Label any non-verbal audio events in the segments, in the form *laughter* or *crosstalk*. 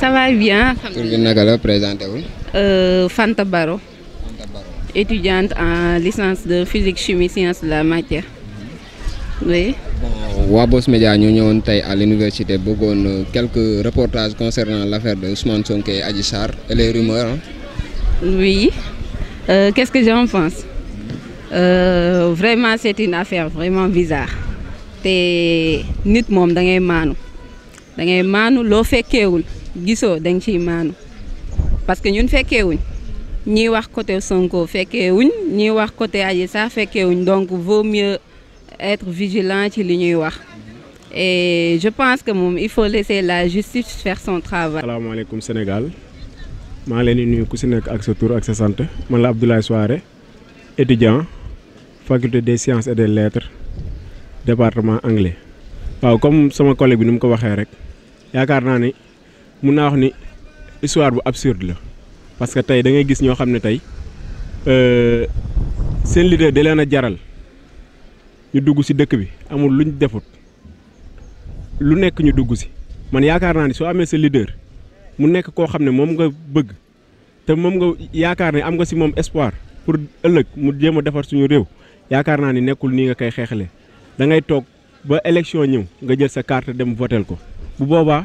ça va bien. Tu viens de la présenté euh, Fanta Baro. Fanta Baro étudiante en licence de physique chimie sciences de la matière. oui. bon Boss Média à l'université Bogon quelques reportages concernant l'affaire de Ousmane Sonko et Adjissar. et les rumeurs. Hein? oui euh, qu'est-ce que j'en pense euh, vraiment c'est une affaire vraiment bizarre te nit moom da ngay maanu da ngay maanu gisoo da nga ciy maanu parce que ñun fekkee wuñ ñiy wax côté Sonko fekkee wuñ ñiy wax côté Adji Sarr fekkee wuñ donc vaut mieux être vigilant ci li ñuy wax et je pense que moom il faut laisser la justice faire son travail. salaamaaleykum Sénégal maa leen di nuyu ku si nekk ak sa tur ak sa sant man la Abdoulaye Souaré étudiant faculté des sciences et des lettres département anglais. waaw comme sama collègue bi ni mu ko waxee rek yaakaar naa ni. mun naa wax ni histoire bu absurde la parce que tey dangay gis ñoo xam ne tey euh, seen leader da leen a jaral ñu dugg ci dëkk bi amul luñ defut lu nekk ñu dugg ci man yaakaar naa ni soo amee sa leader mu nekk koo xam ne moom nga bëgg te moom nga yaakaar ne am nga ci moom espoir pour ëllëg mu jéem a defar suñu réew yaakaar naa ni nekkul nii nga koy xeexle da ngay toog ba élection ñëw nga jël sa carte dem votel ko bu boobaa.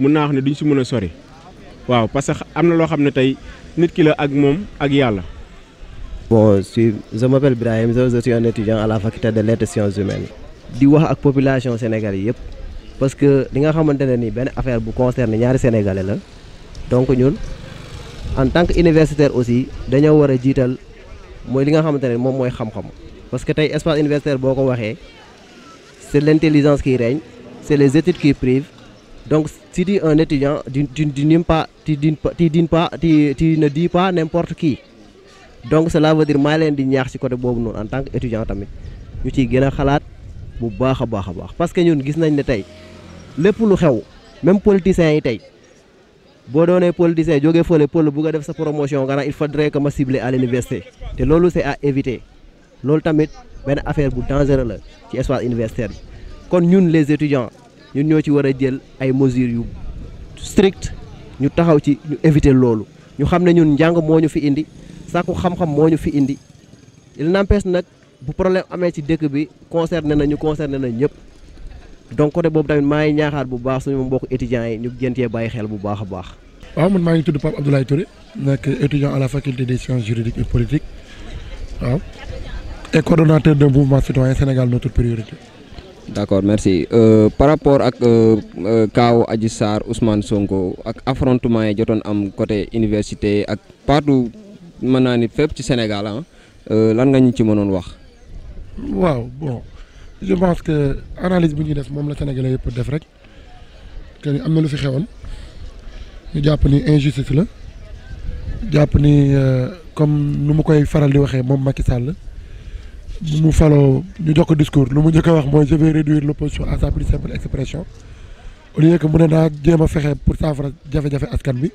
mun naa wax ne duñ si mën a sori waaw parce que am na loo xam ne tey nit ki la ak moom ak yàlla. bon si je m'appelle Brahim je suis un étudiant à la faculté de lettres sciences humaines. di wax ak population sénégalaise yëpp parce que li nga xamante ne ni benn affaire bu concerne ñaari sénégalais la donc ñun en tant que aussi dañoo war a jiital mooy li nga xamante ne moom mooy xam-xam. parce que tey espace universitaire boo ko waxee c'est l'intelligence qui règne c'est les études qui privent. Donc, si tu es un étudiant, tu, tu, tu, pas, tu, tu, pas, tu, tu ne dis pas n'importe qui. donc cela veut dire que je di ñaax ci côté boobu en tant qu'étudiant, étudiant tamit ñu ciy gën a bu baax parce que ñun gis nañ que tey lépp lu xew même politiciens yi tey boo doonee politicien jógee fële pël bu nga def sa promotion nga il faudrait que ma cible à l'université Et cela, c'est à éviter loolu tamit benn affaire bu dangereux la ci espace universitaire bi kon ñun les étudiants ñun ñoo ci war a jël ay mesures yu strict ñu taxaw ci ñu éviter loolu ñu xam ne ñun njàng moo ñu fi indi sàkku xam-xam moo ñu fi indi il nag bu problème amee ci dëkk bi concerné na ñu concerné na ñëpp donc côté boobu tamit maa ngi ñaaxaat bu baax suñu mbokk étudiants yi ñu gën cee bàyyi xel bu baax a baax. waaw man maa ngi tudd Pape Abdoulaye Touré nekk étudiant à la faculté des sciences juridiques et politiques waaw et coordonnateur de mouvement citoyen Sénégal notre priorité. d'accord merci euh, par rapport ak euh, euh, kaaw Adji Sarr Ousmane Sonko ak affrontement yi jotoon am côté université ak partout mën naa ni fépp ci Sénégal ah lan nga ñu ci mënoon wax. waaw bon je pense que analyse bi ñuy def moom la Sénégalais yëpp def rek que am na lu fi xewoon ñu jàpp ni injustice la jàpp ni comme nu mu koy faral di waxee moom Macky Sall. bi mu faloo ñu jox ko discours lu mu njëkk a wax mooy je vais réduire l'opposition à sa plus simple expression au lieu que mu ne naa jéem a fexe pour saafara jafe-jafe askan bi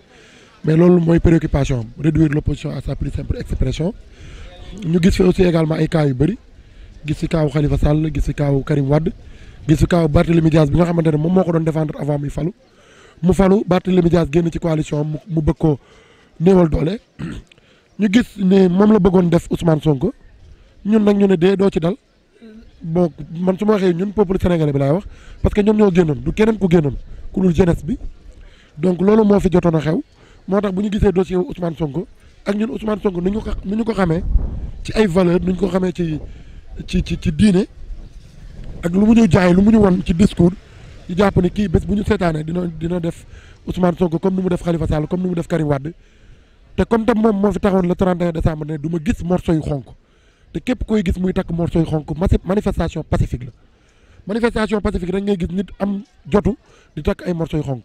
mais loolu mooy préoccupation am réduire l'opposition à sa plus simple expression ñu gis fi aussi également ay cas yu bëri gis ci kaawu Khalifa Sall gis ci kaawu Karim Wade gis ci kaawu Barthélémy Dias bi nga xamante ne moom moo ko doon défendre avant muy falu mu falu Barthélémy Dias génn ci coalition mu bëgg koo néewal doole *clears throat* ñu gis ne moom la bëggoon def Ousmane Sonko. ñun nak ñu ne dé do ci dal bok man suma xé ñun peuple sénégalais bi lay wax parce que ñom ñoo gënon du kenen ku gënon ku dul jeunesse bi donc lolu mo fi jottona xew motax buñu gisé dossier Ousmane Sonko ak ñun Ousmane Sonko nuñu ko nuñu ko xamé ci ay valeur nuñu ko xamé ci ci ci ci diiné ak lu muñu jaay lu muñu won ci discours di japp ni ki bes buñu sétané dina dina def Ousmane Sonko comme numu def Khalifa Sall comme numu def Karim Wade té comme tam mom mo fi taxone le 31 décembre né duma gis morceau yu xonko te képp koy gis muy takk morceau yu xonk manifestation pacifique la manifestation pacifique rek ngay gis nit am jotu di takk ay morceau yu xonk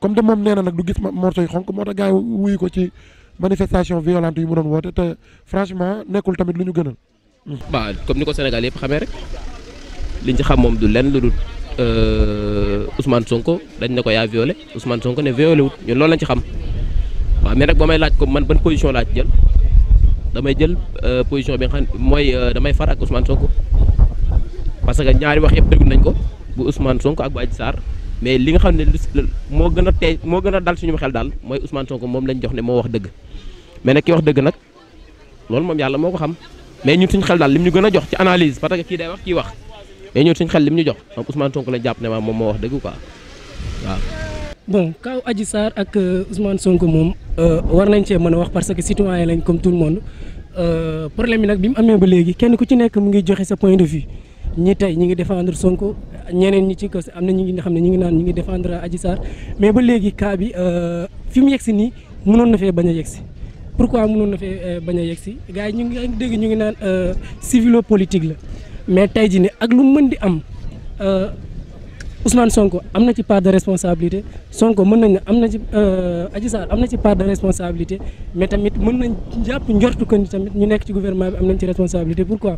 comme de moom nee na nag du gis morceau yu xonk moo tax gars yi wuyu ko ci manifestation violente yu mu doon woote te franchement nekkul tamit lu ñu gënal. waaw comme ni ko Sénégal yëpp xamee rek liñ ci xam moom du lenn lu dul euh, Ousmane Sonko dañ ne ko yaa violé Ousmane Sonko ne violé wut ñun loolu lañ ci xam waa mais nag ba may laaj ko man ban position laa ci damay jël euh, position bi nga xam mooy euh, damay far ak Ousmane Sonko parce que ñaari wax yëpp déglu nañ ko bu Ousmane sonk ak bu Adji Sarr mais li nga xam ne moo gën a tey moo gën a dal suñu xel daal mooy Ousmane Sonko moom lañ jox ne moo wax dëgg mais nag ki wax dëgg nag loolu moom yàlla moo ko xam mais ñun suñ xel daal li lim ñu gën a jox ci analyse parce que kii day wax kii wax mais ñun suñu xel lim ñu jox moom Ousmane Sonko lañ jàpp ne maam moom moo wax dëgg quoi waaw. bon kaw Adji Sarr ak euh, Ousmane Sonko moom euh, war nañ cee mën a wax parce que citoyen lañ comme tout le monde euh, problème bi nag bi mu amee ba léegi kenn ku ci nekk mu ngi joxe sa point de vue ñi tey ñi ngi défendre Sonko ñeneen ñi ci ko am na ñi nga xam ne ñi ngi naan ñi ngi défendre Adji Sarr mais ba léegi cas bi fi mu yegsi nii mënoon na fee bañ a yegsi pourquoi mënoon na fee bañ a yegsi gars yi ñu ngi dégg ñu ngi naan sivilo politique la mais tey ji ne ak lu mën di am Ousmane Sonko am na ci part de responsabilité Sonko mën nañ ne am na ci euh, Adji Sarr am na ci part de responsabilité mais tamit mën nañ jàpp njortu que tamit ñu nekk ci gouvernement bi am nañ ci responsabilité pourquoi